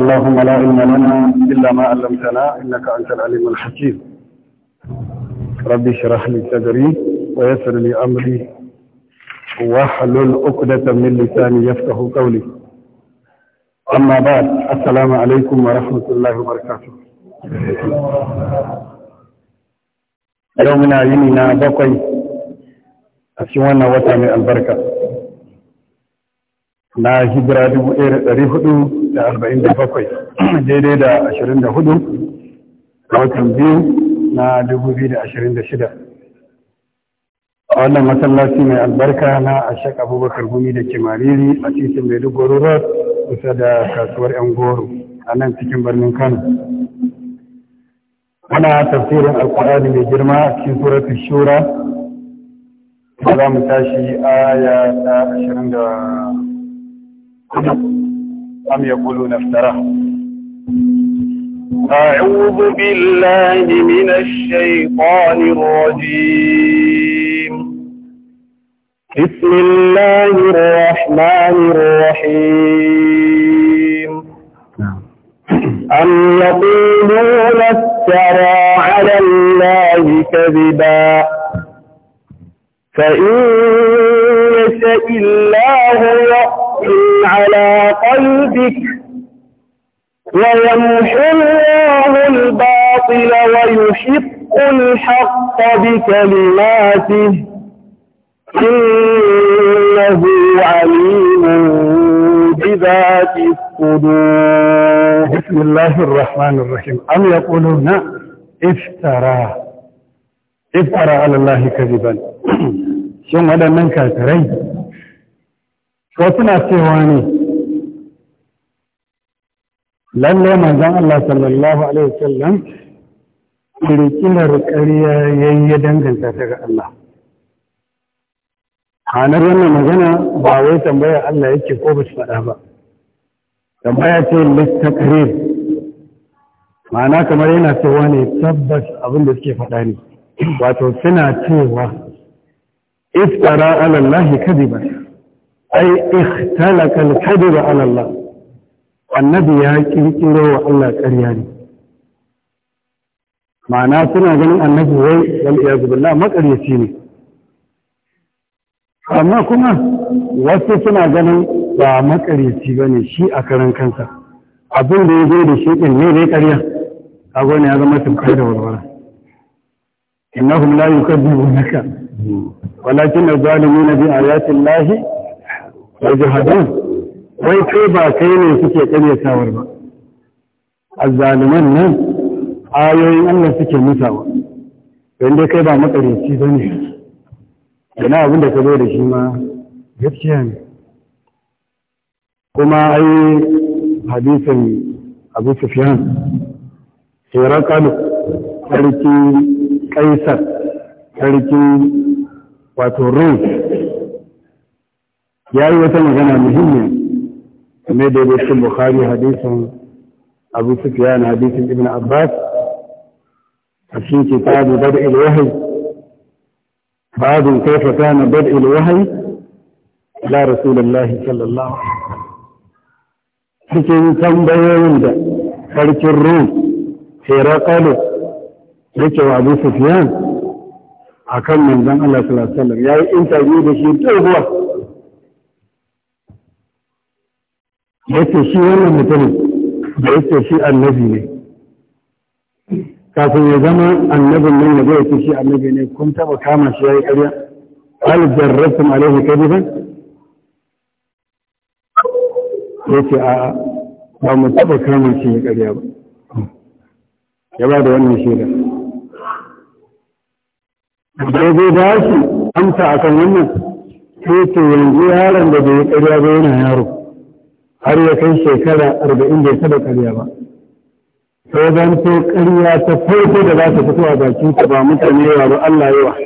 اللهم لا علم لنا إلا ما علمتنا إنك أنت العليم الحكيم ربي اشرح لي صدري ويسر لي أمري واحلل عقدة من لساني يفقه قولي أما بعد السلام عليكم ورحمة الله وبركاته yau muna yini na bakwai a cikin wannan wata mai albarka na hijira 1447 daidai da 24 a watan biyu na 2026 a wannan masallaci mai albarka na ashek abubakar gumi da kimariri a titin maiduguri road kusa da kasuwar yan goro a nan cikin birnin kano أنا تفسير القرآن بجرمة في سورة الشورى سلام تاشي آية تاشرين دا أم يقولون افترى أعوذ بالله من الشيطان الرجيم بسم الله الرحمن الرحيم نعم. أم يقولون افترى افترى على الله كذبا فإن يشاء الله يقتل على قلبك ويمحو الله الباطل ويحق الحق بكلماته إنه عليم بذات الصدور بسم الله الرحمن الرحيم أم يقولون افترى افترى على الله كذبا شون هذا من كاتري شو سنا سيواني لن لما جاء الله صلى الله عليه وسلم لكل ركالية ييدن جنتا الله hanar wannan magana ba wai tambaya Allah yake ko ba faɗa ba tambaya ce littakarir ma'ana kamar yana cewa ne tabbas abin da suke faɗa ne wato suna cewa iftara alallahi kadiba ai ikhtalaka alkadiba alallah annabi ya kirkiro wa Allah ƙarya ne ma'ana suna ganin annabi wai wal billah makaryaci ne amma kuma wasu suna ganin ba makarici ba ne shi a karan kansa abin da ya zo da shi ne ne dai kago ne ya zama tumkar da walwala innahum la yukadzibunaka walakin az-zalimuna bi lahi llahi wai kai ba kai ne suke karyatawar ba azzaliman nan ayoyin Allah suke mutawa don kai ba makarici ba ne ina abin da ka zo da shi ma gaskiya ne kuma ai hadisin abu sufyan hirakalu sarki kaisar sarki wato rum ya yi wata magana muhimmiya game da yi bukhari hadisin abu sufyan hadisin ibn abbas a cikin kitabu da ilwahai باب كيف كان بدء الوحي إلى رسول الله صلى الله عليه وسلم cikin tambayoyin da sarkin rum herakalu yake wa abu sufiyan a kan manzan Allah sallallahu ya yi intabi da shi doguwa yake shi wannan mutumin da yake shi annabi ne kafin ya zama annabin nan ya zai ce shi annabi ne kun taba kama shi ya yi ƙarya hal jarrabtum alaihi kadiban yace a ba mu taba kama shi ya ƙarya ba ya ba da wannan shaida da zai ba shi amsa akan wannan sai to yanzu yaron da bai yi ƙarya ba yana yaro har ya kai shekara arba'in bai taɓa ƙarya ba sai zan to ƙarya ta farko da za ta fito a bakin ta ba mutane yawa ba Allah yawa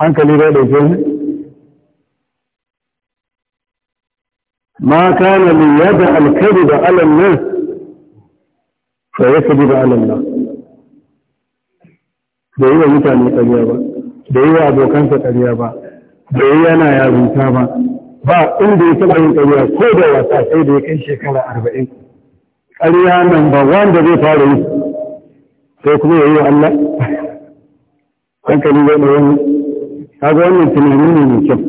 hankali da da jini ma kana li yada alkari da alam nan fa bi da alam nan da yi wa mutane ƙarya ba da yi wa abokansa ƙarya ba da yi yana yarinta ba ba inda ya taɓa yin ƙarya ko da wasa sai da ya kai shekara arba'in ƙarya nan ba wanda zai fara yi sai kuma ya yi wa Allah hankali zai da wani kaga wannan tunani ne mai kyau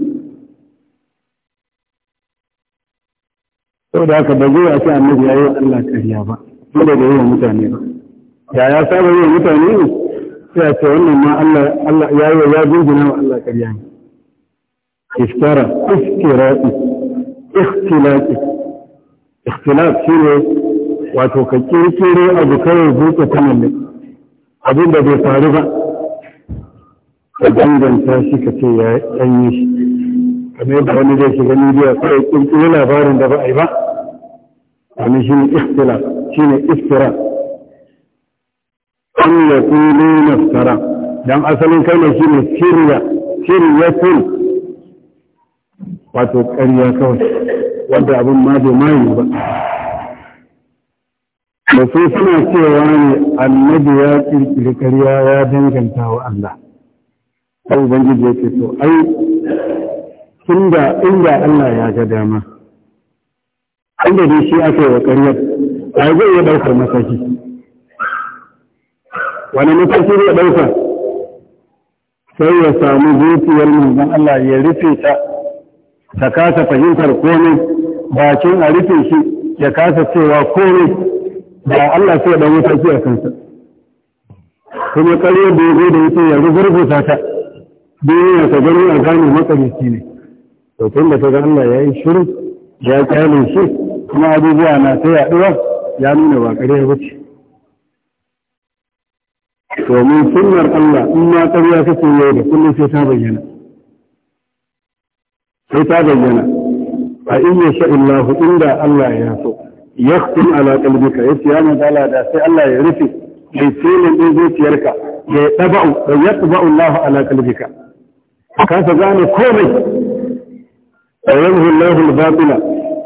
saboda haka ba zai wasu annabi ya yi wa Allah ƙarya ba wanda da yi wa mutane ba ya ya saba yi wa mutane ne sai a ce wannan ma Allah ya yi wa ya jingina wa Allah ƙarya ne iftara iftiraki ikhtilafi ikhtilaf shi ne wato ka kirkiro abu kawai zuke ta mallaki abin da bai faru ba ka danganta shi ka ce ya ɗanyi shi kamar yadda wani zai shiga midiya kawai kirkiro labarin da ba a yi ba wani shi ne iftila shi ne iftira an ya kulu naftara don asalin kalmar shi ne shirya shiryatun wato ƙarya kawai wanda abin ma bai mayu ba da su suna cewa ne annabi ya kirkiri karya ya danganta wa Allah sai ubangiji yake to ai tunda inda Allah ya ga dama inda dai shi aka yi wa karyar a zai iya ɗaukar mataki wani mataki zai dauka sai ya samu zuciyar manzon Allah ya rufe ta ta kasa fahimtar komai bakin a rufe shi ya kasa cewa komai da Allah sai da wuta ki a kansa kuma kare da yake da yake ya rubuta ta duniya ta gani a gane matsalici ne to tun da ga Allah yayi shiru ya kyale shi kuma abubuwa na ta yaduwa ya nuna ba kare ya wuce. domin sunnar Allah in ma ƙarya kake yau da kullum sai ta bayyana sai ta bayyana a in yasha illahu inda Allah ya so yakun ala qalbika yace ya manzo Allah da sai Allah ya rufe mai filin din zuciyarka ya daba'u da yatba'u Allah ala qalbika ka sa gane komai ayyuhu Allah al-batila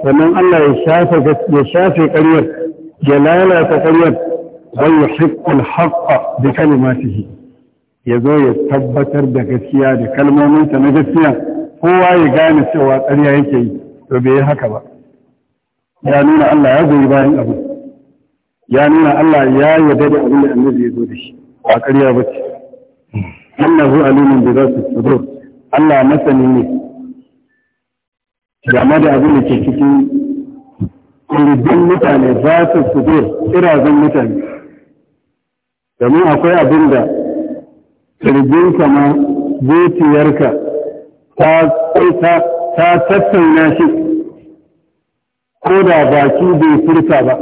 sannan Allah ya shafe ya shafe ƙaryar ya lalata ƙaryar wa yuhiqqu al-haqqa bi kalimatihi ya zo ya tabbatar da gaskiya da kalmominsa na gaskiya kowa ya gane cewa ƙarya yake yi to bai yi haka ba ya nuna Allah ya goyi bayan abu ya nuna Allah ya yarda da abin da annabi ya zo da shi ba ƙarya ba ce annahu da za su tsoro Allah masani ne game da abin da ke cikin kullubin mutane su tsoro irazin mutane domin akwai abin da kirjinka ma zuciyarka ta ta tattauna shi ko da baki bai furta ba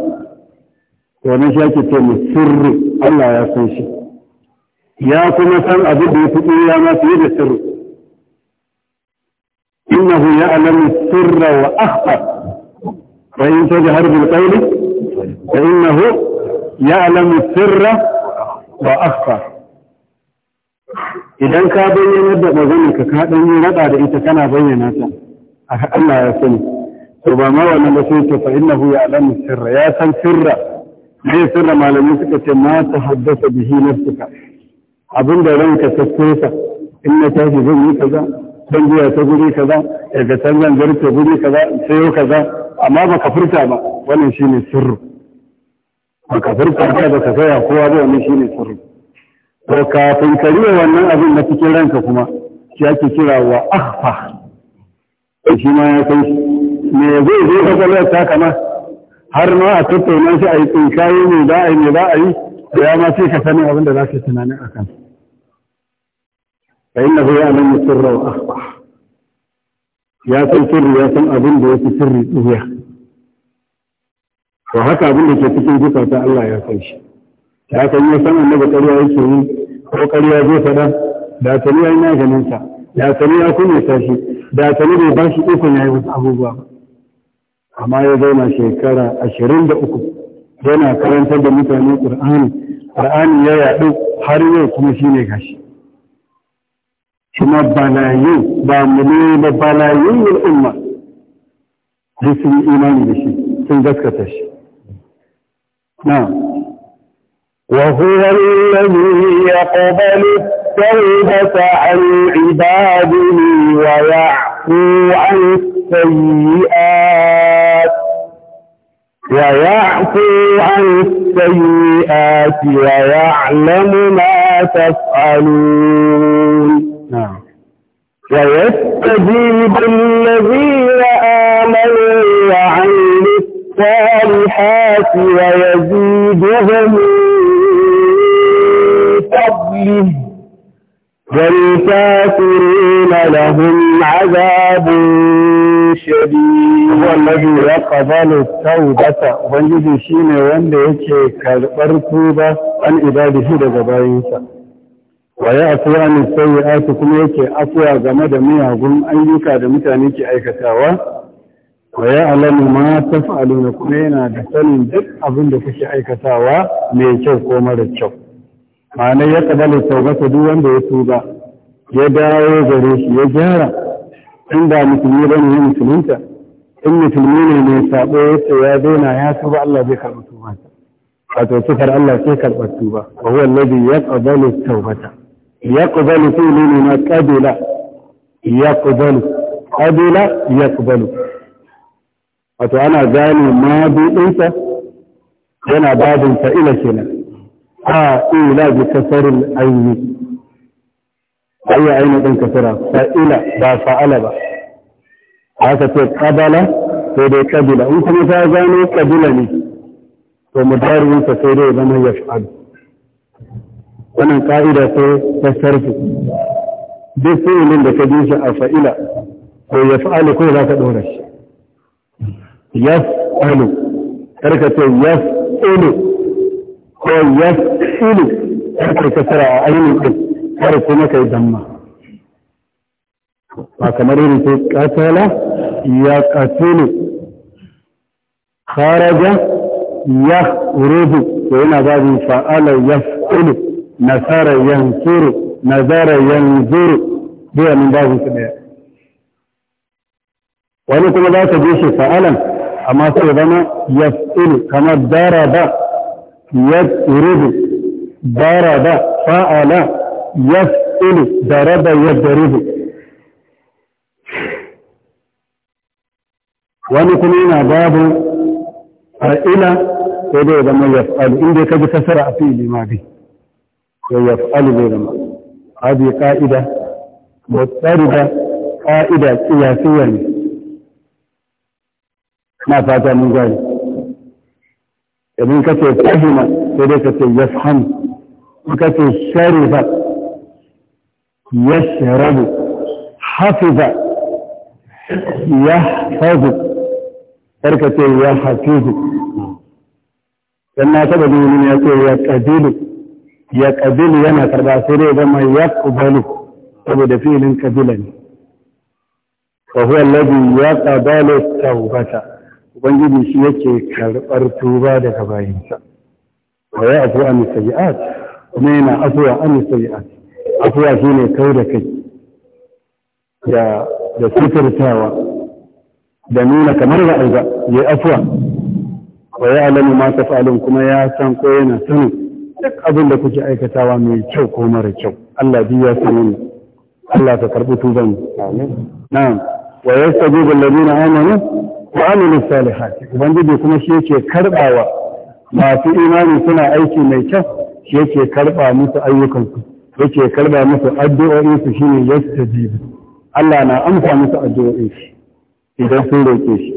to wannan shi ake ce sirri Allah ya san shi ya kuma san abin da ya fi ya ma fiye da sirri innahu ya'lamu sirra wa akhfa wa in tajhar bil qawli fa innahu ya'lamu sirra wa akhfa idan ka bayyana da maganar ka ka dan yi rada da ita kana bayyana ta Allah ya sani to ba ma wannan ba sai ce fa innahu ya'lamu sirra ya san sirra ne sirra malami suka ce ma ta haddasa bihi nafsuka abin da ranka ta kusa in na tashi zan yi kaza zan biya ta guri kaza daga can zan garce guri kaza sayo kaza amma ba ka furta ba wannan shine sirru ba ka furta ba baka saya kowa ba wannan shine sirru to kafin ka riya wannan abin na cikin ranka kuma shi ake kira wa akhfa shi ma ya san shi me zai kasar kwakwalwar ta kama har ma a tattauna shi a yi tsinkayi ne za a yi ne za a yi ya ma sai ka sani abin da za ka tunanin a kan fa'in na zai anan mutum rawa akwa ya san sirri ya san abin da ya fi sirri tsiya to haka abin da ke cikin zukata Allah ya san shi ya san yi san annabi ƙarya yake yi ko ƙarya zai faɗa da tani ya yi maganinsa da tani ya kuma sashi da tani bai ba shi ikon ya yi wasu abubuwa ba amma ya zauna shekara ashirin da uku yana karantar da mutane ƙur'ani ƙur'ani ya yaɗu har yau kuma shi ne gashi kuma balayin ba mu ne ba balayin yin umma duk sun yi imani da shi sun gaskata shi na وهو الذي يقبل التوبة عن عباده ويعفو عن السيئات ويعفو عن السيئات ويعلم ما تفعلون نعم ويستجيب الذين آمنوا وعملوا الصالحات ويزيدهم فضله والكافرين لهم عذاب shadid wallahi ya qabalu tawbata ubangiji shine wanda yake karbar tuba an ibadihi daga bayinsa wa ya'fu an sayyi'ati kuma yake afuwa game da miyagun ayyuka da mutane ke aikatawa wa alamu ma taf'aluna kuma yana da sanin duk abin da kuke aikatawa mai kyau ko mara kyau ma'ana ya kabalu tawbata duk wanda ya tuba ya dawo gare shi ya gyara in ba musulmi ba ne musulunta in musulmi ne mai sabo ya ce ya daina ya tuba Allah zai karɓi tuba wato sifar Allah sai karɓar tuba wa huwa alladhi yaqbalu tawbata yaqbalu fi'li ne na qabila yaqbalu qabila yaqbalu wato ana gane ma dinsa yana babin fa'ila kenan ha ila bi kasaril ayyi ayya ainihin ɗin kasira fa'ila ba fa'ala ba haka ce ƙabala sai dai ƙabila in kuma ta gano ƙabila ne to mudarinsa sai dai zama ya fa'alu wannan ƙa'ida ta sarfi duk fi'ilin da ka bi shi a fa'ila ko ya fa'alu ko za ka ɗora shi yas'alu karka ce yas'ulu ko yas'ulu karka kasara a ainihin ɗin kar kuma kai damma ba kamar irin sai katala ya katulu kharaja ya rubu to yana babin fa'ala ya fulu nasara yansuru nazara yanzuru biya min ba su daya wani kuma za ka je shi fa'alan amma sai zama ya fulu kamar daraba ya rubu daraba fa'ala يسئل ضرب يضرب wani kuma yana babu fa'ila ko dai zama ya fa'alu inda ka ji kasara a fi'ili ma bi to ya fa'alu zai zama hadi ka'ida mutsarida ka'ida kiyasiyya ne na fata mun gani idan ka ce fahima sai dai ka ce yafhamu in ka ce sharifa يشرب حفظ يحفظ تركة يحفظ لما تبدو من يقول يقبل يقبل ينا ترباسيري بما يقبل تبدو فيه قبلا فهو الذي يقبل التوبة ubangiji shi yake karɓar tuba daga bayinsa wa ya afuwa an sayi'at kuma yana afuwa shi ne kai da kai da da sitirtawa da nuna kamar ba aiba ya afuwa ba ya alamu ma falon kuma ya san ko yana sanin duk abin da kuke aikatawa mai kyau ko mara kyau Allah ji ya sanu ne Allah ka karɓi tuban amin na'am sabu yastajibu alladhina amanu wa amilus salihati ubangiji kuma shi yake karbawa masu imani suna aiki mai kyau shi yake karba musu ayyukansu yake karba musu addu'o'in su shine yastajibu Allah na amsa musu addu'o'in idan sun roƙe shi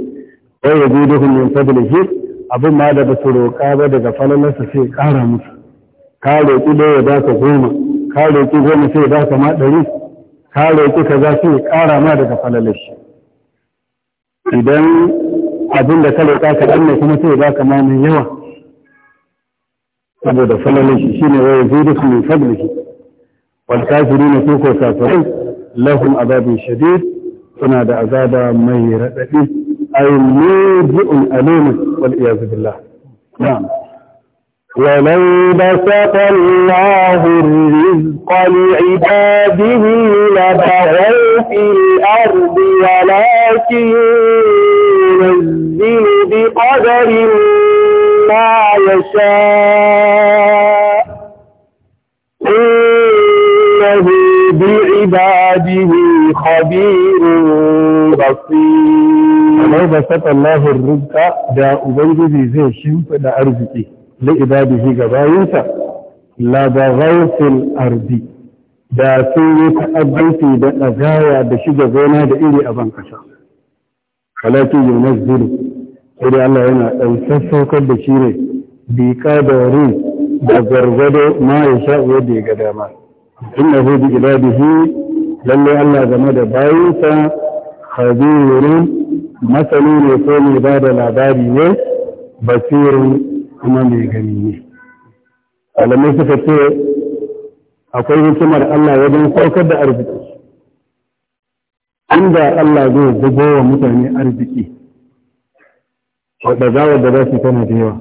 wa yin min shi abin ma da basu roƙa ba daga falalarsa sai ƙara musu ka roƙi da ya baka goma ka roƙi goma sai ya baka ma ɗari ka roƙi kaza sai ya ƙara ma daga falalar shi idan abin da ka roƙa ka ɗanne kuma sai ya baka ma mai yawa saboda falalar shi shine wa yin min shi. والكافرين سوكو كافرين لهم عذاب شديد suna عذاب azaba mai raɗaɗi ai muji'un alimin wal iyazu ولو بسط الله الرزق لعباده لبغوا في الأرض ولكن ينزل بقدر ما يشاء به خبير بصير لو بسط الله الرزق دا أبنجي زي شمف دا أرزقي da sun yi ta'addanci da ɗagaya da shiga gona da iri a ban ƙasa. Halakin Yunus Zuru, sai Allah yana ɗan sassaukar da shi ne, biƙa da rin da gargado ma ya sha ya ga dama. Inna hudu ila lalle Allah game da bayinsa khabirin masani ne ko mai ba da labari ne basirin kuma mai gani ne alamai suka ce akwai hikimar Allah wajen saukar da arziki inda Allah zai zubo wa mutane arziki wadda zawar da za su tana da yawa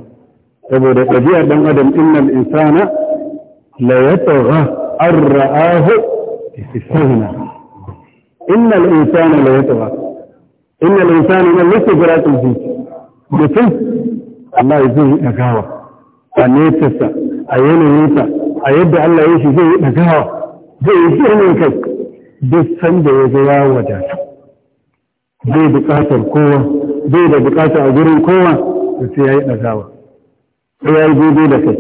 saboda ɗabi'ar ɗan adam innal insana la yatagha arra'ahu استثناء إن الإنسان لا يتوى إن الإنسان من ليس جرات الجيش mutum Allah zai yi ɗagawa a netarsa a yanayinsa a yadda Allah ya shi zai yi ɗagawa zai yi girman kai duk sanda ya ga ya wadata zai buƙatar kowa zai da a gurin kowa da sai ya yi ɗagawa ya yi gobe da kai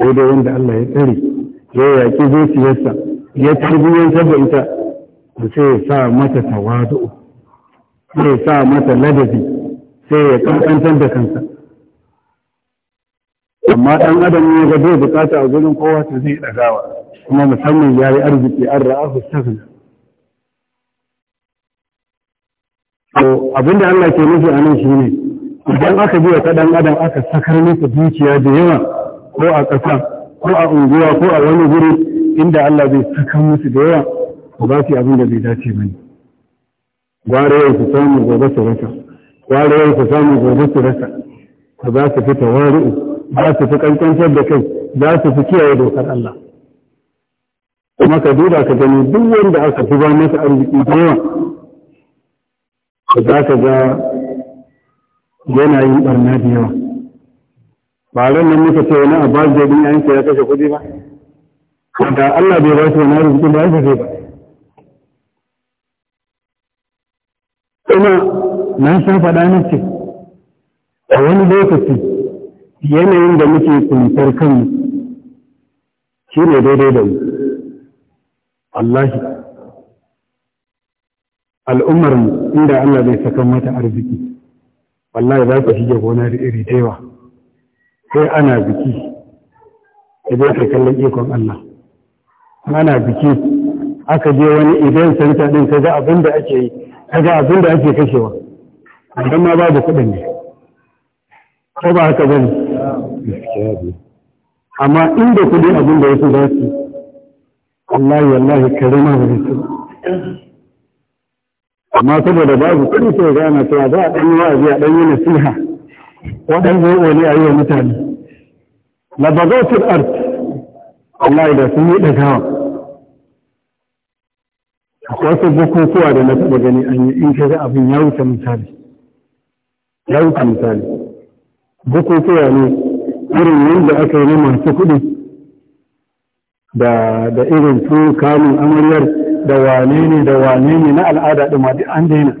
Allah ya tsare ya yaƙi zuciyarsa ya tarbiyyantar da ita da sai ya sa mata tawadu sai ya sa mata ladabi sai ya kankantar da kansa amma ɗan adam ne ga zai bukata a gurin kowa ta zai ɗagawa kuma musamman ya yi arziki an ra'ahu stagna to abinda Allah ke nufi a nan shine idan aka biya ta ɗan adam aka sakar masa dukiya da yawa ko a ƙasa ko a unguwa ko a wani guri inda Allah zai saka musu da yawa ko ba su abin da bai dace ba ne gware yau su samu gobe su rasa gware su samu gobe su rasa ko za su fi tawari'u Ba su fi kankantar da kai za su fi kiyaye dokar Allah kuma ka duba ka gani duk wanda aka fi ba masa arziki da yawa za ka ga yanayin barna da yawa ba ran nan muka ce wani abbas da din yayin ya kashe kuɗi ba da Allah bai ba shi wani rubutu da ya ba ina nan san faɗa ne ce a wani lokaci yanayin da muke kuntar kanmu shi ne daidai da mu Allah al'ummar mu inda Allah bai saka mata arziki wallahi za ka shige gona da iri da yawa sai ana biki idan ka kallon ikon Allah ana biki aka je wani idan santa din kaga abin da ake yi kaga abin da ake kashewa amma ma babu kuɗin ne ko ba haka bane amma inda kudi abin da yake da shi wallahi wallahi karima ne shi amma saboda babu kuɗi sai ga ana cewa za a ɗan yi wa'azi a ɗan yi nasiha waɗanda wani a yi wa mutane na bazotin art Allah da sun yi ɗagawa wasu bukukuwa da na taɓa gani an yi in ga abin ya wuce misali ya wuce misali bukukuwa ne irin yadda aka yi na masu kuɗi da irin su kamun amaryar da wane ne da wane ne na al'ada ɗin ma an daina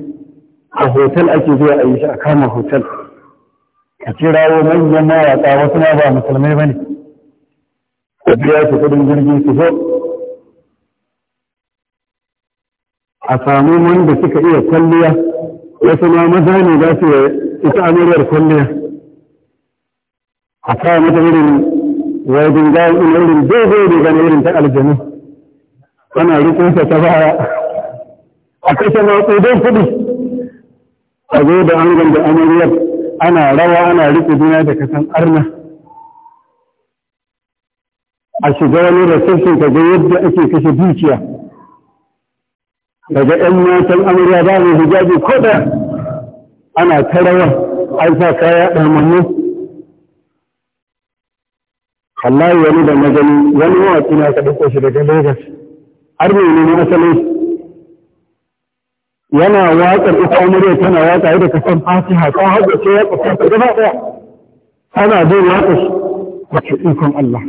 a hotel ake zuwa a yi shi a kama hotel ka kirawo manyan mawaƙa wasu ma ba musulmai ba ne ka biya su kudin jirgin su zo a samu wanda suka iya kwalliya wasu ma maza ne za su ita amaryar kwalliya a kawo mata irin wajen gawo ina irin daidai da gane irin ta aljanu ana rikonsa ta baya a kashe maƙudan kuɗi a zo da angon da amaryar ana rawa ana riƙe juna da kasan arna a shiga wani rasashin ka ga yadda ake kashe dukiya daga 'yan matan amarya ba mai hijabi ko da ana ta rawa an sa kaya ɗamanni wallahi wani da na gani wani mawaƙi na ka ɗauko shi daga Legas. har ne ne asalin yana watsar ita murya tana watsa da kasan fatiha haka hajjar ce ya kusa ta gaba ɗaya tana zai watsa shi wace ikon Allah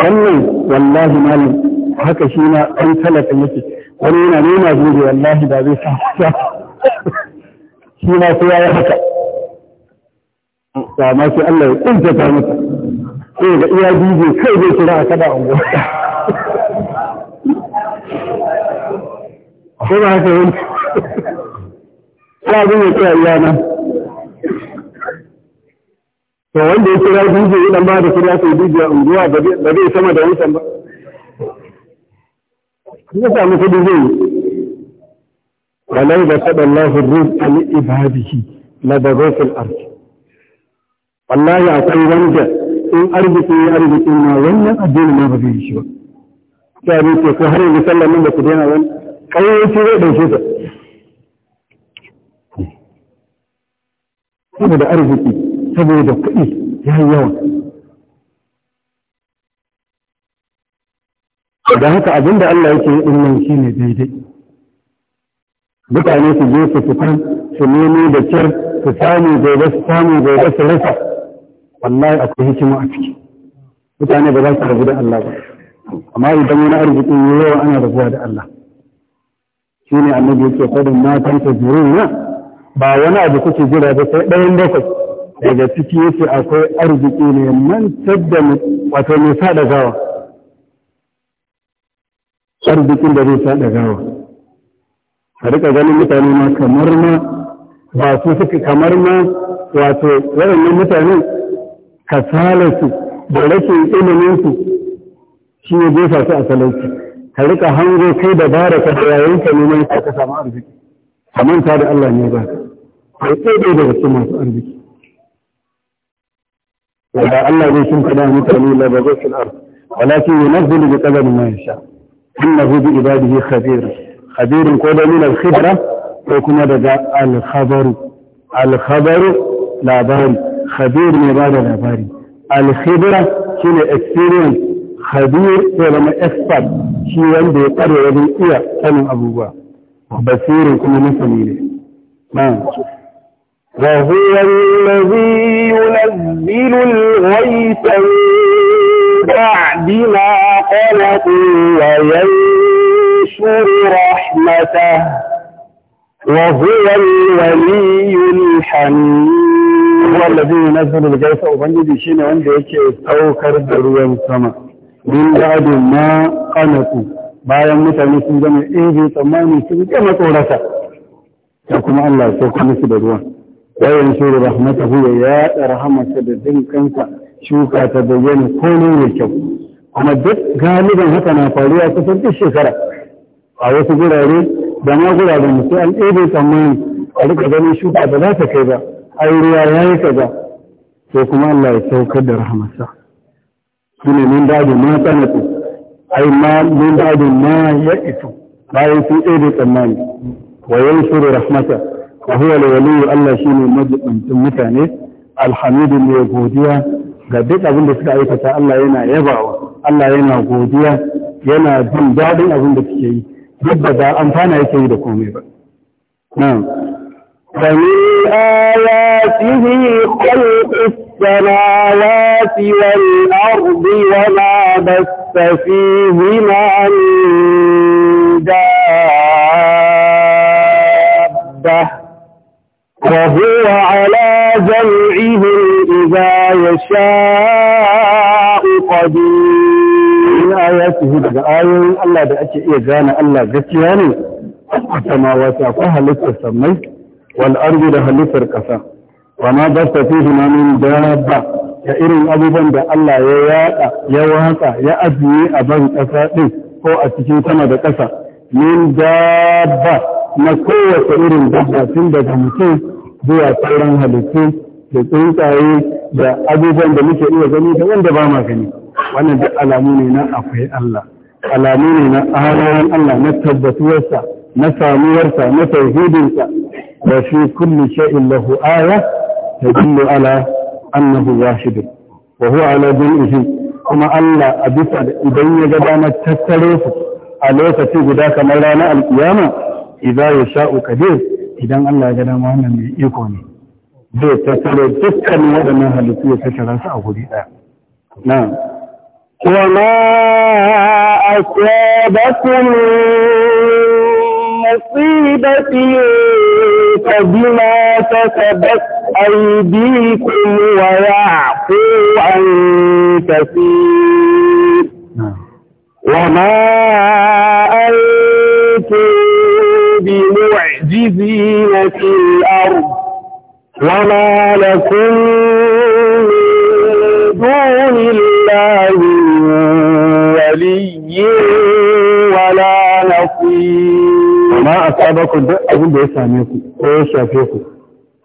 wannan wallahi malam haka shi na ɗan talaka yake wani yana nuna zuri wallahi ba zai sa shi na sai ya haka ba ma sai Allah ya ƙunta ta mutu. sai ga iya bibi kai zai kira a kada unguwa ko ba haka wani ya abin ya iya nan to wanda ya kira duje idan ba da kira sai duje unguwa ba zai sama da wancan ba ya samu kudi zai walau da taɓa lahun ruh an ibadihi na da rofin arki wallahi akwai wanda in arziki ya arziki na wannan addini ma ba zai yi shi ba ta ne ce ko har yanzu sallan nan da ku daina wani ƙayyarci zai ɗauke ta saboda arziki saboda kuɗi ya yi yawa da haka abinda Allah yake yi ɗin shi ne daidai mutane su je su fitan su nemi da kyar su samu gobe su samu gobe su rasa wallahi akwai hikima a ciki mutane ba za su rabu da Allah ba amma idan wani arziki yawa ana rabuwa da Allah shi ne annabi yake faɗin matan ta nan? ba wani abu kuke jira ba sai ɗayan bakwai daga ciki yake akwai arziki ne mantar da wato mai da gawa arzikin da zai da gawa a rika ganin mutane ma kamar ma ba su suka kamar ma wato waɗannan mutane kasalarsu da rashin iliminsu shi ya jefa su a talauci ka rika hango kai da baraka da yayin ka neman ka ka samu arziki kamanta da Allah ne ba ka. ka tsaye da wasu masu arziki wanda Allah zai shin kada mutane la bago fil ard walakin yunzilu bi qadar ma yasha innahu bi ibadihi khabir khabir ko da min al khibra ko kuma daga al khabar al khabar labari khabir ne ba da labari al khibra shine experience khabir ya zama expert shi wanda ya tsare wajen iya sanin abubuwa basirin kuma masani ne وهو الذي ينزل الغيث بعد ما قلقوا وينشر رحمته وهو الولي الحميد هو الذي ينزل الغيث وبنجد شيء وانجد يكي استوكر دروان سما da ba'da ma kanatu, bayan mutane sun zama ɗebe tsammani sun gama tsorata ta kuma Allah ya sauka musu da ruwa wayan shi da rahmatahu ya yaɗa rahmata da din kanka shuka ta bayyana komai mai kyau amma duk galiban haka na faruwa kusan duk shekara a wasu gurare da ma guraren sai an ɗebe tsammani a rika ganin shuka ba za ta kai ba ai ruwa ya yi kaza sai kuma Allah ya saukar da rahmata shine min babu ma sanatu ai ma min babu ma ya itu bayan sun ɗaya tsammani wa da rahmata wa huwa al-waliyyu Allah shine majibantin mutane alhamidu ne godiya ga duk abin da suka aikata Allah yana yabawa Allah yana godiya yana jin daɗin abin da suke yi duk da ba amfana yake yi da komai ba na'am فمن آياته خلق السماوات والأرض وما بث فيهما من دابة وهو على جمعهم إذا يشاء قدير من آياته بقى آية الله بأكي إيجانا الله قتياني السماوات أقوها لسه سميت والأرض لها لسر قصة Wana ma tunanin fihi ma dabba da irin abubuwan da Allah ya yada ya watsa ya ajiye a ban kasa din ko a cikin sama da kasa min dabba na kowace irin dabba tun daga mutum zuwa sauran halittu da tsuntsaye da abubuwan da muke iya gani da wanda ba ma gani wannan duk alamu ne na akwai Allah alamu ne na ahalin Allah na tabbatuwarsa na samuwarsa na tauhidinsa وفي كل شيء له آية تدل على أنه واحد وهو على جنئه كما ألا أبسع إبني جبانا تتلوف عليك تجدا كما رانا القيامة إذا يشاء كبير إذا ألا جدا مهنا من إيقوني zai tattaro dukkan waɗannan halittu ya tattara su a guri ɗaya. Na. Wama a sabatun musibatin ذلك بما كسبت أيديكم ويعفو عن كثير وما أنتم بمعجزين في الأرض وما لكم من دون الله ولي ma a sabakon duk abin da ya same ku ko ya shafe ku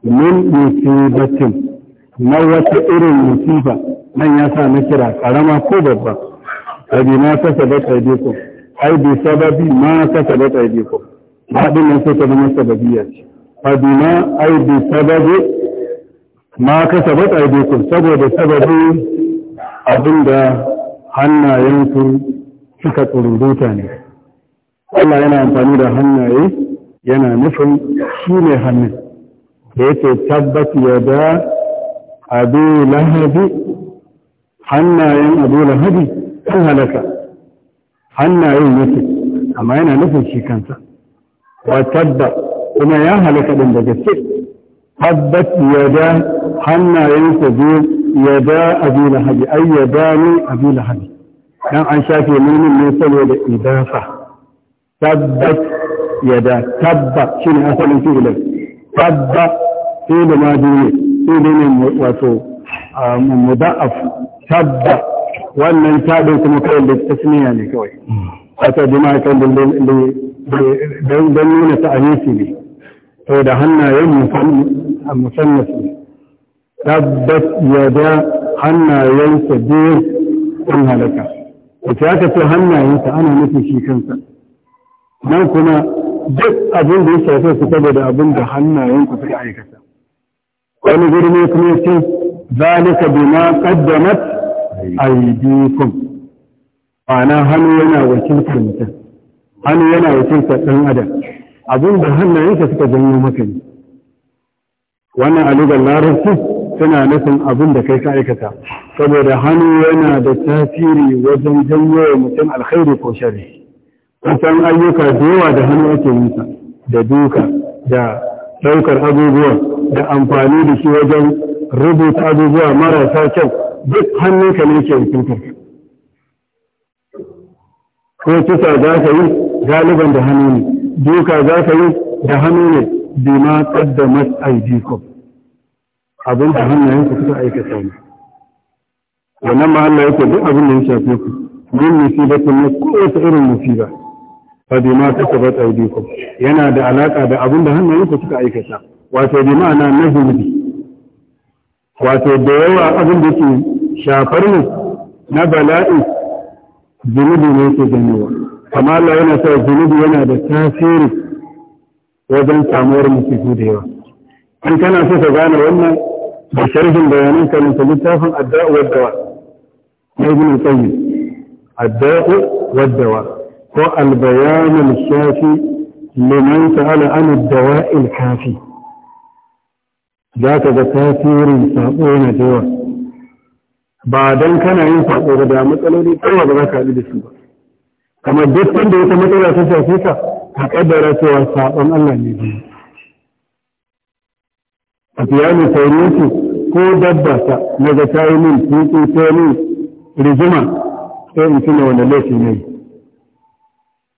min musibatin na wata irin musiba nan ya sa na kira karama ko babba abi ma ta saba tabi ku ai bi sababi ma ta saba tabi ku ba din nan sai ta zama sababiya ce abi ma ai bi sababi ma ka saba tabi ku saboda sababi abinda ku suka tsururuta ne Allah yana amfani da hannaye yana nufin shi ne hannun da yake tabbat ya da abu lahabi hannayen abu lahabi kan halaka hannayen yake amma yana nufin shi kansa wa tabba kuma ya halaka din daga ce tabbat ya da hannayen sa biyu ya da abu lahabi ai ya ne abu lahabi dan an shafe nunin ne saboda idafa Tabbas, yada tabba shi ne asalin fi'ilin tabba fi'il madi ne fi'il ne wato muda'af tabba wannan tabin kuma kawai da tasmiya ne kawai wato bima kan da don nuna ta'anisi ne to da hannayen musamman ne tabbat yada hannayen sa biyu sun halaka wace aka ce hannayensa ana nufin shi kansa nan kuma duk abin da ya shafe su saboda abin da hannayenku suka aikata wani guri ne kuma ce zalika ma qaddamat aydikum ana hannu yana wakiltar mutum hannu yana wakiltar dan adam abin da hannayensa suka janyo maka ne wannan alugar larabci suna nufin abin da kai ka aikata saboda hannu yana da tasiri wajen janyo mutum alkhairi ko sharri. kusan ayyuka da yawa da hannu ake yin sa da duka da saukar abubuwa da amfani da shi wajen rubuta abubuwa marasa kyau duk hannun ka ne ke hukuntar ko kisa za ka yi galiban da hannu ne duka za ka yi da hannu ne bima qaddamat aydikum abin da hannayenku kusa aikata ne wannan ma Allah yake duk abin da ya shafe ku min musibatin ne kowace irin musiba fa bima kasabat aydikum yana da alaka da abin da ku suka aikata wato bi ma'ana na zunubi wato da yawa abin da ke shafar mu na bala'i zunubi ne ke janyowa amma Allah yana sa zunubi yana da tasiri wajen samuwar musibu da yawa an kana so ka gane wannan da sharhin bayanan ta littafin adda'u dawa. na ibn qayyim adda'u dawa. والبيان الكافي لمن سأل عن الدواء الكافي ذات تاثير صابون دواء بعد ان كان ان صابون دواء مثلا او ذا كان بسم الله كما دفن دواء مثلا تشافيك تقدر سوى صابون الله نبي أتياني سيريوكي كو دباسا نجا تايمين تيكو تيمين رجمع إيه انتنا ونالوكي نيه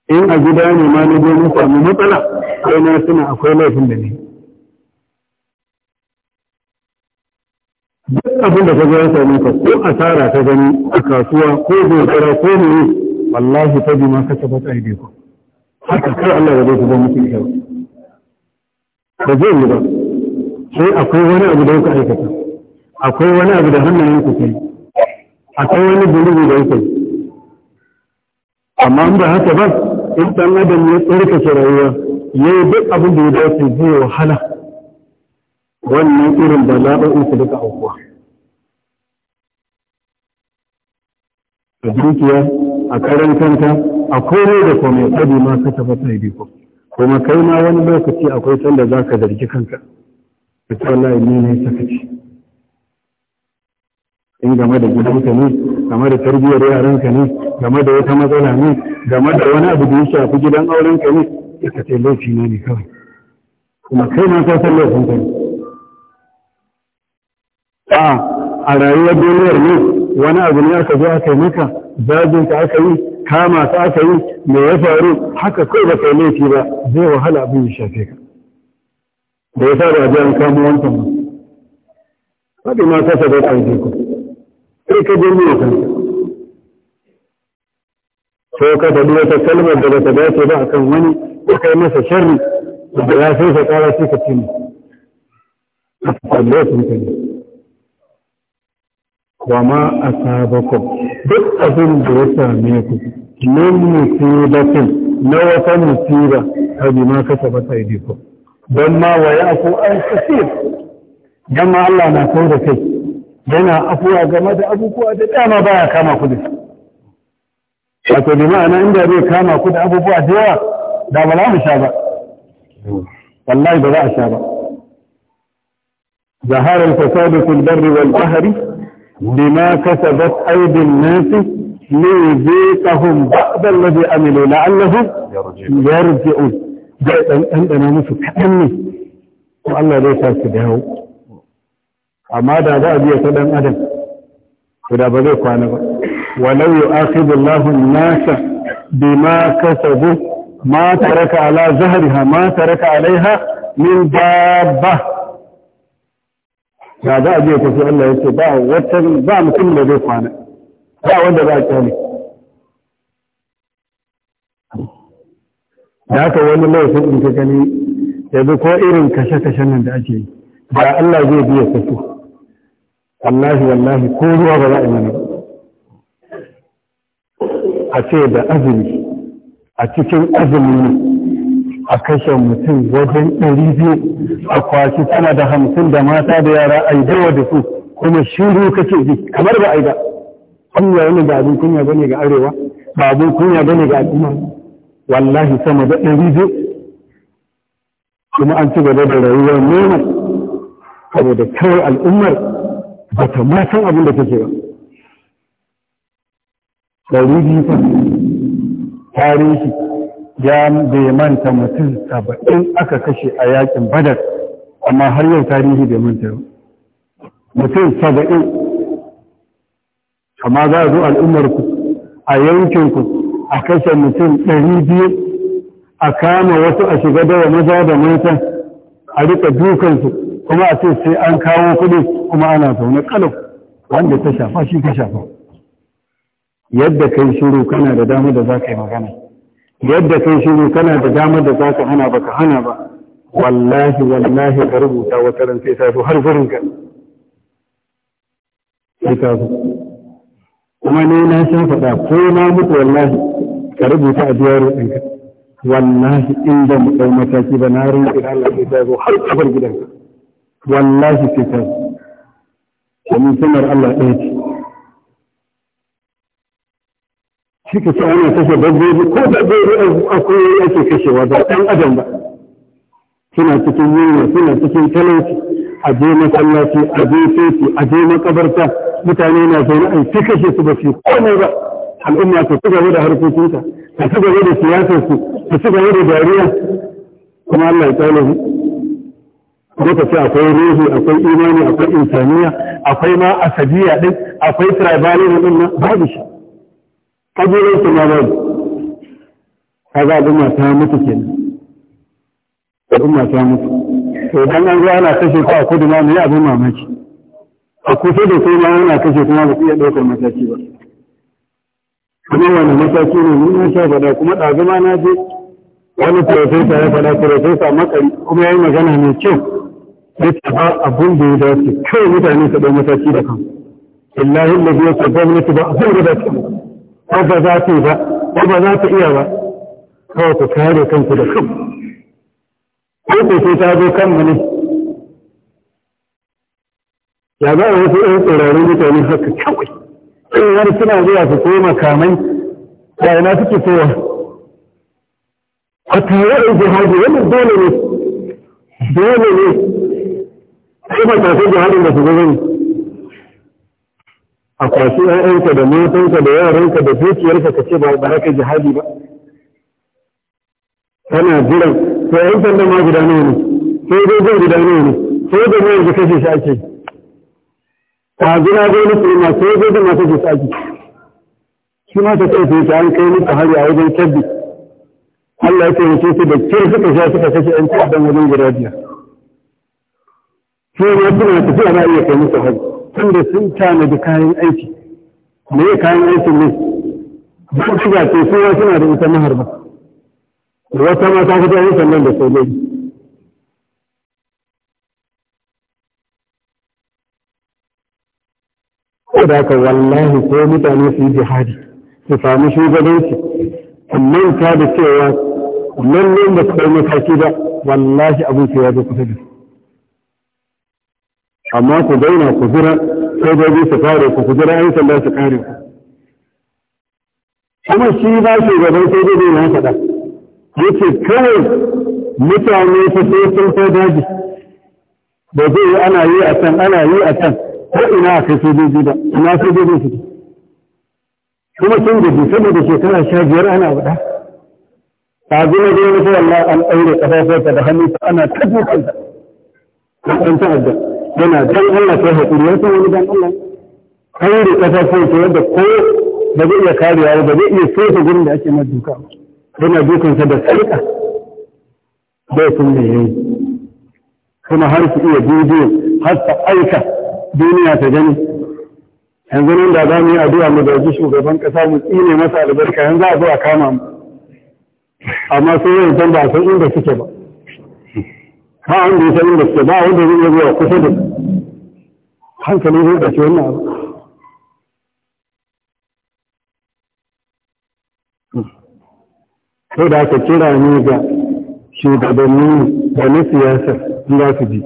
in a gida ne ma na je na samu matsala sai na suna akwai laifin da ne duk abin da ka ga ya same ka ko asara ta gani a kasuwa ko gobara ko ne wallahi ta bi ma ka tabbata ta aide ku haka kai Allah ya zai zama mutum kyau ba zai yi ba sai akwai wani abu da kuka aikata akwai wani abu da hannayen ku kai akwai wani zunubi da kuka yi amma in ba haka ba in ɗan adam ya tsarkake rayuwa ya yi duk abin da ya dace zai wahala wannan irin da in su duka aukuwa a dukiya a karan kanta a kore da kome kadi ma ka taɓa ko kuma kai ma wani lokaci akwai da za ka zargi kanka ka ce wallahi ni ne sakaci in game da gidanka ne game da tarbiyyar yaranka ne game da wata matsala ne game da wani abu da ya shafi gidan auren ka ne ka ce laifi na ne kawai kuma kai ma ka san laifin ka ne a a rayuwar duniyar ne wani abu ne aka zo aka yi maka zagin ka aka yi kama ka aka yi me ya faru haka kai ba kai laifi ba zai wahala abin ya shafe ka da ya sa da an kama wancan ba faɗi ma kasa da ƙarfi ku sai ka je ne kanka ko ka da wata kalmar da ta dace ba akan wani ko kai masa sharri da ya sai ka kara shi ka tuni Allah sun tuni wa ma asabakum duk abin da ya same ku da musibatin na wata musiba ta bi ma kasa ba sai diko dan ma wa ku an kasir dan ma Allah na kai da kai yana afuwa game da abubuwa da dama baya kama ku da wato bi ma'ana inda zai kama ku da abubuwa da yawa da ba za mu sha ba wallahi ba za a sha ba zahara al-fasad fi al-barr wal bahr bima kasabat aydi an-nas liyuziqahum ba'd alladhi amilu la'allahum yarji'un da dan dan musu kadan ne ko Allah zai sa su dawo amma da za a biya ta dan adam to da ba zai kwana ba ولو يؤاخذ الله الناس بما كسبوا ما ترك على ظهرها ما ترك عليها من دابة ya za a je tafi Allah ya ce ba wata ba mutum da zai kwana ba wanda za a kyale da aka wani laifin in ka gani yanzu ko irin kashe kashe nan da ake yi ba Allah zai biya kaso wallahi wallahi ko ruwa ba za a yi mana ba a ce da azumi a cikin azumi a kashe mutum wajen ɗari biyu a kwashi tana da hamsin da mata da yara a yi dawa da su kuma shiru kake ji kamar ba a yi ba Allah yana da abin kunya bane ga arewa ba abin kunya bane ga al'umma wallahi sama da ɗari biyu kuma an ci gaba da rayuwar nema saboda kawai al'ummar ba ta ma san abin da take ba ɗari biyu fa tarihi ya bai manta mutum saba'in aka kashe a yakin badar amma har yau tarihi bai manta yau mutum saba'in amma za a zo al'ummarku a yankinku a kashe mutum ɗari biyu a kama wasu a shiga dawa maza da mata a rika dukansu kuma a ce sai an kawo kuɗi kuma ana zaune kalau wanda ta shafa shi ka shafa yadda kai shiru kana da damar da za ka yi magana yadda kai shiru kana da damar da za ka hana ba ka hana ba wallahi wallahi ka rubuta wata ran sai tafi har gurin ka kuma ne na sha faɗa ko na mutu wallahi ka rubuta a biyar ɗinka wallahi in inda mu ɗau mataki ba na rinƙi da Allah sai tafi har kafar gidanka wallahi sai tafi domin sunar Allah ɗaya ce shi ka ce wannan kashe dabbobi ko dabbobi akwai ake kashewa ba ɗan adam ba suna cikin yunwa suna cikin talauci a je masallaci a je fetu a je makabarta mutane na zaune a ta kashe su ba su komai ba al'umma ta ci gaba da harkokinta ta ci gaba da siyasarsu su, ci gaba da dariya kuma Allah ya tsare mu lokaci akwai ruhu akwai imani akwai insaniya akwai ma asabiya din akwai tribalism din nan babu shi kabilan su ma bai kaga al'umma ta mutu kenan al'umma ta mutu to idan an zo ana kashe ko a kudu ma ne abin mamaki a kusa da kai ma yana kashe kuma ba su iya ɗaukar mataki ba kuma wani mataki ne ni na sha faɗa kuma ɗazuma na je wani profesa ya faɗa profesa makari kuma ya yi magana mai kyau ya taɓa ba abin da ya dace kawai mutane su ɗau mataki da kan illahi da biyu ta gwamnati ba abin da dace ba ko ba za ta yi ba ko ba za ta iya ba kawai ku kare kanku da kan ko ku ta zo kan mu ne ya za a wasu ɗan tsirarin mutane haka kawai in wani suna zuwa su koyi makamai da ina suke kowa a tare da jihadi wannan dole ne dole ne sai matakan jihadin da su gani. a kwashi ‘ya'yanka da motanka da yaranka da dukiyarka ka ce ba ba haka jihadi ba Tana jiran ko ‘yan sanda ma guda nawa ne sai dai zai guda nawa ne sai da ne yanzu kashe shi ake ta zina zai nufi ma sai dai da masu kashe ake shi ma ta kai ta an kai nufi hari a wajen kyabbi Allah ya taimake su da kyar suka sha suka kashe ‘yan ta'addan wajen guda biyar. Sai ma suna tafiya na iya kai musu hari. tunda sun tanadi kayan aiki me ya kayan aikin ne ba su shiga ce suna suna da ita mahar ba wata mata ta ta yi sannan da sau dai da ka wallahi ko mutane su yi jihadi su sami shugabanci amma ta da cewa nan ne da su kai mataki ba wallahi abin su ya zo kusa da su amma ku daina ku jira sojoji su fara ku ku jira yan sanda su kare ku kuma shi ba shugaban sojoji na faɗa yace kawai mutane su sai sun kai ji da zai yi ana yi a can ana yi a can ko ina a kai sojoji ba ina sojoji su kuma sun gudu saboda shekara sha biyar ana guda. ta zina zai sai Allah an ɗaure ƙafafiyarta da hannunsa ana kanta. an ta'adda yana dan Allah sai hakuri ya san wani dan Allah kai da kasa sai to yadda ko ba zai iya karewa ba zai iya soke gurin da ake mai duka yana dukan sa da sarka bai kun da yayi kuma har su iya bidiyo har ta aika duniya ta gani yanzu nan da za mu yi addu'a mu zargi shugaban kasa mu tsine masa albarka yanzu a zo a kama mu amma sai yau dan ba san inda suke ba ba wanda ya san inda suke ba wanda zai iya zuwa kusa da hankali zai ɗace wannan abu hmm. Sai da aka kira ni ga shugabanni da na siyasa za su ji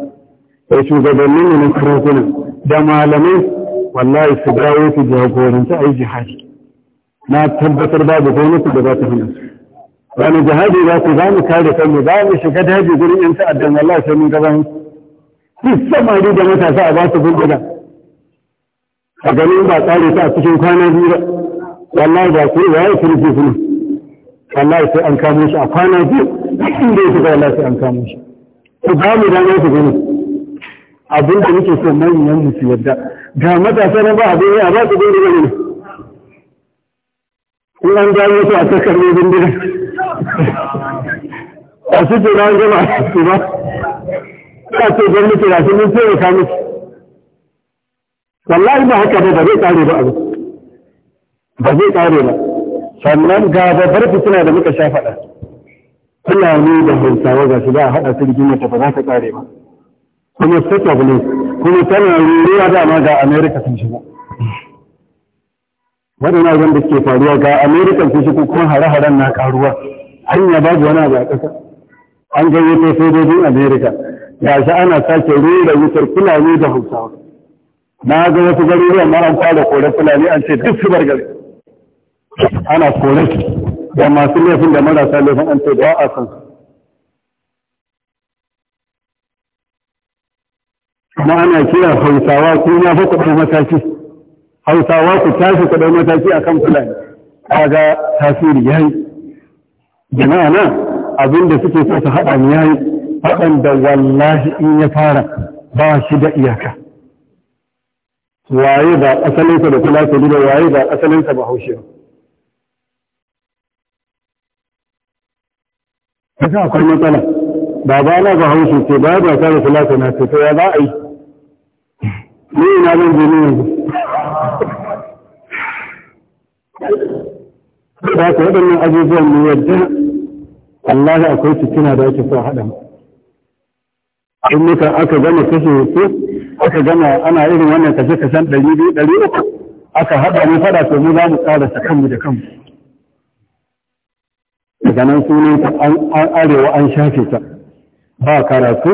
da shugabanni ne na sarakuna da malamai wallahi su dawo su jagoranci a yi jihadi na tabbatar babu gwamnati da za ta hana su wani jihadi ba ku za mu kare kanmu za mu shiga daji gurin yan ta'addan Allah sai mun gaban duk samari da matasa a ba su bindiga a ganin ba tsare ta a cikin kwana biyu ba wallahi ba ku ya yi turki su ne wallahi sai an kamo shi a kwana biyu duk da ya shiga wallahi sai an kamo shi ku ba mu dama su gani abin da muke so manyan mu su yadda ga matasa na ba abin ya ba su bindiga ne Kun an gano su a takardar bindiga a su ce na gama a su ba ta ce gwamnati na su mun ka miki wallahi ba haka ba ba zai tsare ba abu ba zai kare ba sannan ga babbar fitina da muka sha faɗa fulani da hausawa ga su za a haɗa su rigimar ta ba za ta tsare ba kuma sata ne. kuma tana ruruwa dama ga america sun shiga waɗannan wanda ke faruwa ga america sun shiga kuma hare-haren na karuwa hanya babu wani abu a ƙasa an gayyato sojojin amerika ga shi ana sake rura wutar fulani da hausawa na ga wasu garuruwan ma an fara kore fulani an ce duk su bar gari ana kore da masu laifin da marasa laifin an ce da a san kuma ana kira hausawa ku ya fa kuɗin mataki hausawa ku tashi kuɗin mataki akan fulani kaga tasiri yi. jama'a na abin da suke so su haɗa ni yayi faɗan da wallahi in ya fara ba shi da iyaka waye ba asalinsa da kula ke da waye ba asalinsa ba haushe ba ta akwai matsala baba na ba haushe ce ba ba ta da kula ke na ce ya za a yi ni ina zan je ne yanzu ba ta waɗannan abubuwan ne yadda Allah akwai fitina da yake so haɗa in muka aka gama kashe su aka gama ana irin wannan kashe kashen ɗari biyu ɗari uku aka haɗa mu faɗa to mu za mu ƙarasa kanmu da kanmu daga nan sunan ne an arewa an shafe ta ba karatu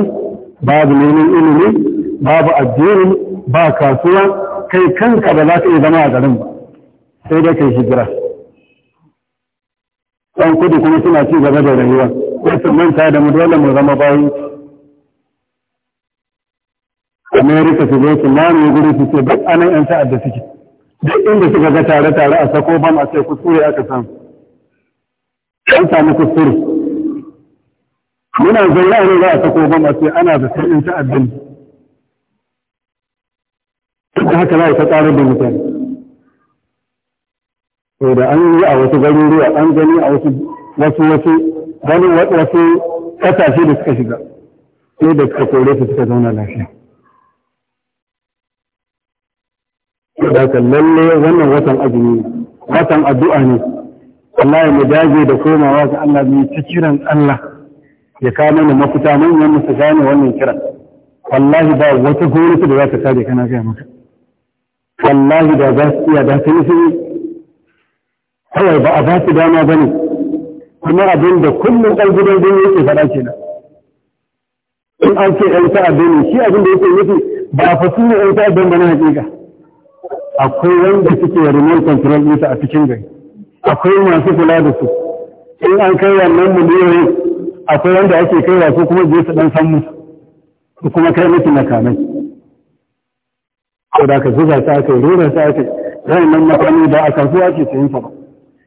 babu neman ilimi babu addini ba kasuwa kai kanka ba za ka iya zama a garin ba sai da kai hijira ɗan kudu kuma suna ci gaba da rayuwa wasu manta da mu dole mu zama bayi amerika su zo su mamaye guri su ce duk anan yan ta'adda suke duk inda suka ga tare tare a sako ban a ce kuskure aka samu an samu kuskure muna zaune a ne za a sako ban a ce ana da sai yan ta'addin duk haka za a ta tsara da mutane to da an yi a wasu garuruwa an gani a wasu wasu wasu gani wasu kasashe da suka shiga sai da suka kore su suka zauna lafiya da ka lalle wannan watan azumi watan addu'a ne Allah ya dage da komawa ga Allah ne ta kiran Allah ya kawo mana mafita manyan musu gane wannan kiran wallahi ba wata gwamnati da za ta kare kana gaya maka wallahi da za su iya da ta nufi kawai ba a ba su dama ba ne kuma abin da kullum ɗalgudan gini yake faɗa ke nan in an ce ‘yan ta'adda ne shi abin da yake nufi ba a fasu ne ‘yan ta'adda ba na hakika akwai wanda suke remote control ɗinsa a cikin gari akwai masu kula da su in an kai wannan miliyoyin akwai wanda ake kai wa su kuma je su ɗan san musu su kuma kai musu makamai ko da ka zuba ta aka yi rura ta aka yi nan makami ba a kasuwa ke sayin sa ba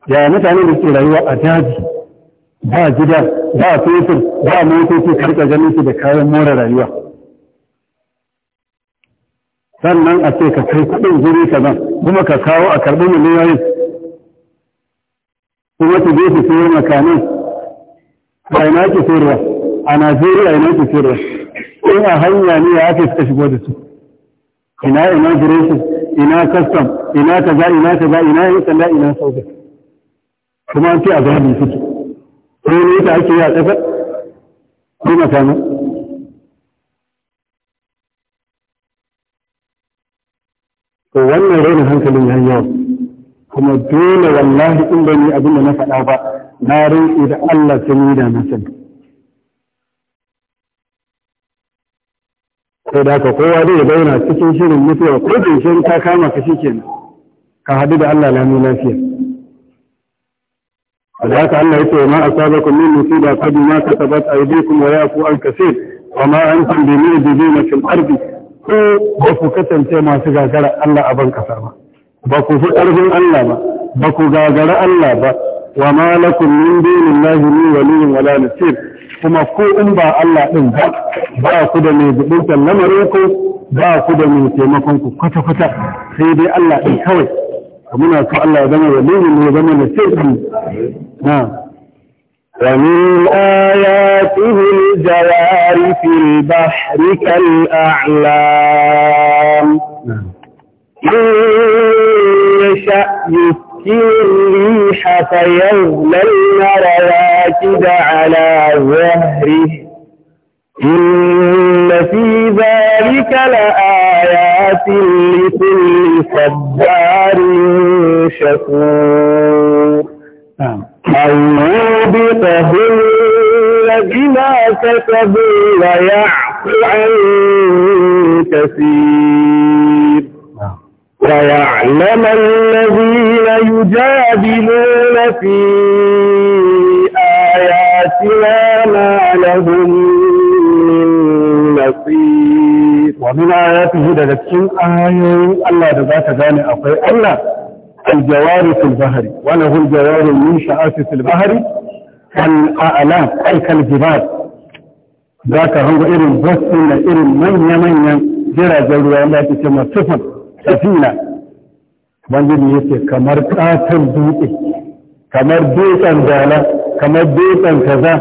ya mutane da ke rayuwa a daji ba gida ba fetur ba motoci karka ganin su da kayan more rayuwa sannan a ce ka kai kudin guri ka nan kuma ka kawo a karɓi miliyoyin kuma su je su sayo makamai a ina ke sayarwa a najeriya ina ke sayarwa in a hanya ne ya ake suka shigo da su ina ina immigration ina custom ina kaza ina kaza ina yin sanda ina sauka kuma an ce a zahabi suke ko ne yadda ake yi a ƙasar ko makama to wannan raina hankalin ya yawa kuma dole wallahi in ban yi abin da na faɗa ba na rinsu da Allah ta yi da na can sai da ka kowa zai bayyana cikin shirin mutuwa ko jinshin ta kama ka shi kenan ka haɗu da Allah lami lafiya فذلك الله يقول ما أصابكم من مصيبة قد ما كتبت أيديكم ويعفو عن كثير وما أنتم بمعجزين في الأرض ko ba ku kasance masu gagara Allah a ban kasa ba ba ku fi ƙarfin Allah ba ba ku gagara Allah ba wa ma lakum min dunillahi min waliyyin wala nasir kuma ko in ba Allah ɗin ba ba ku da mai gudun lamarin ku ba ku da mai taimakon ku kwata kwata sai dai Allah ɗin kawai muna so Allah ya zama waliyyin ne ya zama nasibi na ومن آياته الجوار في البحر كالأعلام إن نعم. يشأ يسكن الريح فيظللن رواكد على ظهره إن في ذلك لآيات لكل صبار شكور نعم أن بما كتبوا ويعفو عن كثير نعم. ويعلم الذين يجادلون في آياتنا ما لهم yatsi ya min daga cikin ayoyin Allah da zaka gane akwai Allah al-jawari fil bahri wa lahu al-jawari min sha'ati fil bahri wal a'la al kalbibat zaka hango irin bassu na irin manyan manyan jiragen ruwa da ake cewa sufan safina bangin yake kamar katon dutse kamar dutsen dala kamar dutsen kaza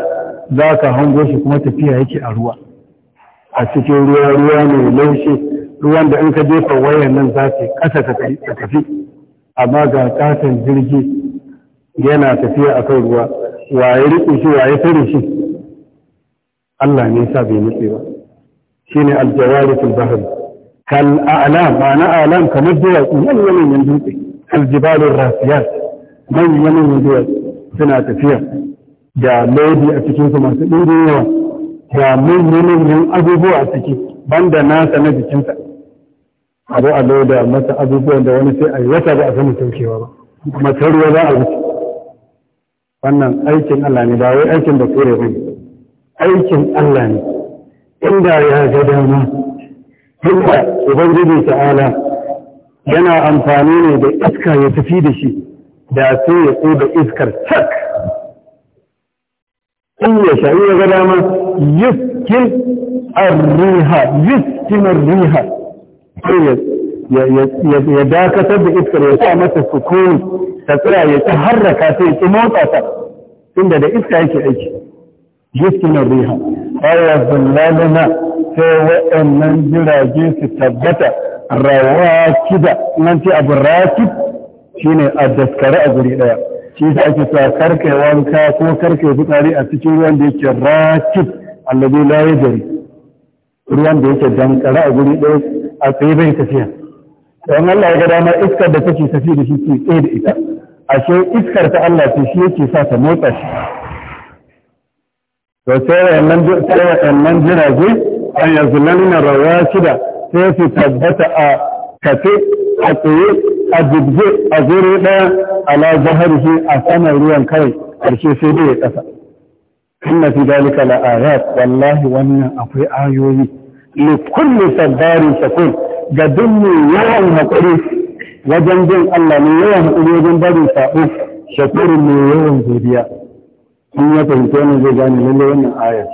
za ka hango shi kuma tafiya yake a ruwa a cikin ruwa ruwa mai laushi ruwan da in ka jefa wayan nan za ta kasa ta tafi amma ga katon jirgi yana tafiya a kan ruwa wa ya riƙe shi wa ya tare shi Allah ne sa bai nutse ba shi ne aljawaritul bahri kal a'lam ma'ana a'lam kamar duwatsu manyan manyan dutse aljibalur rasiyat manyan manyan duwatsu suna tafiya da lodi a cikin su masu ɗimbin yawa da yin abubuwa ciki banda nasa na jikinsa abu a da masa abubuwan da wani sai a wata ba a sami saukewa ba matarwa za a wuce wannan aikin Allah ne ba wai aikin da kore ba aikin Allah ne inda ya ga dama inda ubangiji ta'ala yana amfani ne da iska ya tafi da shi da sai ya da iskar tak in ya sha in ya ga dama yuskin arriha yuskin arriha ya dakatar da iskar ya sa masa sukun ta tsira ya ta harraka ta ya motsa ta tunda da iska yake aiki yuskin arriha aya zullalina sai waɗannan jirage su tabbata rawa kida nan ce abu rakib shine a daskare a guri ɗaya shi da ake sa karkai wanka ko karkai fitsari a cikin ruwan da yake rakit allabi la ya ruwan da yake dankara a guri ɗaya a tsaye bai tafiya don Allah ya ga dama iskar da take tafi da shi ke tsaye da ita ashe iskar ta Allah ce shi yake sa ta motsa shi to sai nan jirage an yanzu nan rawa shida sai su tabbata a kafe a tsaye a dubbe a zuru ɗaya a ala zaharihi a saman ruwan kawai ƙarshe sai dai ya ƙasa inna fi dalika la ayat wallahi wannan akwai ayoyi li kulli sabarin shakur ga duk mai yawan haƙuri wajen jin Allah ne yawan haƙuri wajen barin sabo shakurin mai yawan godiya in ya fahimta wannan zai gane lallai wannan ayat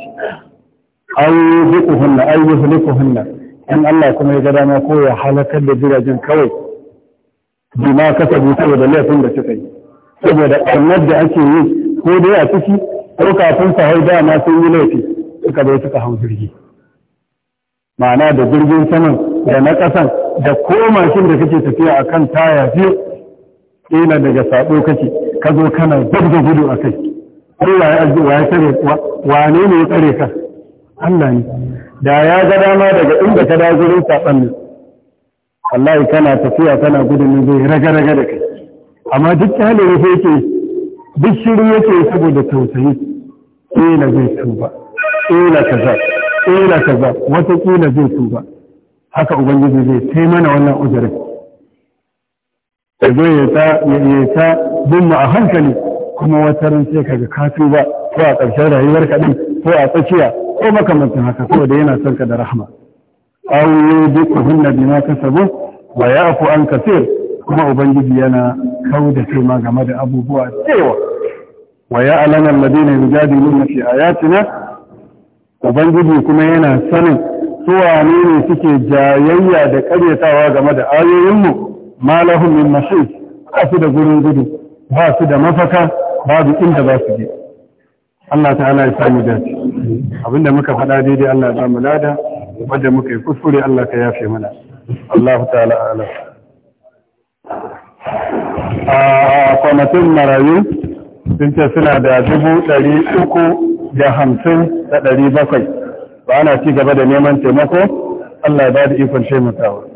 ce zuku hunna in Allah kuma ya ga dama ko ya halakar da jiragen kawai bima kasabu saboda laifin da suka yi saboda ƙarnar da ake yi ko dai a ciki ko kafin su hau dama sun yi laifi suka bai suka hau jirgi ma'ana da jirgin saman da na ƙasan da ko mashin da kake tafiya a kan taya biyu ina daga sabo kake ka zo kana gudu a kai Allah ya ajiye wa ya wane ne ya tsare ka Allah ne da ya ga dama daga inda ka da gurin saɓan nan wallahi kana tafiya kana gudun zai raga-raga da kai amma duk halin yake duk shiru yake saboda tausayi ƙila zai tuba ƙila kaza ƙila kaza wata ƙila zai tuba haka ubangiji zai sai mana wannan ujirin. ya zo ya ta bin mu a hankali kuma wata ran sai kaga ka tuba ko a ƙarshen rayuwar ka din ko a tsakiya ko makamantan haka da yana son ka da rahma aw yudiquhunna bima kasabu wa yafu an kaseer kuma ubangiji yana kauda kai ma game da abubuwa cewa wa ya'lamu alladhina yujadiluna fi ayatina ubangiji kuma yana sanin su wane ne suke jayayya da ƙaryatawa game da ayoyinmu ma lahum min mashi ba su da gurin gudu ba su da mafaka babu inda za su je Allah ta'ala ya sami dace abinda muka faɗa daidai Allah ya mu lada wanda muka yi kuskure Allah ka yafe mana Allah ta'ala ala a kwamitin marayu sun ce suna da dubu ɗari uku da hamsin da ɗari bakwai ba ana ci gaba da neman taimako Allah ya ba da ikon taimakawa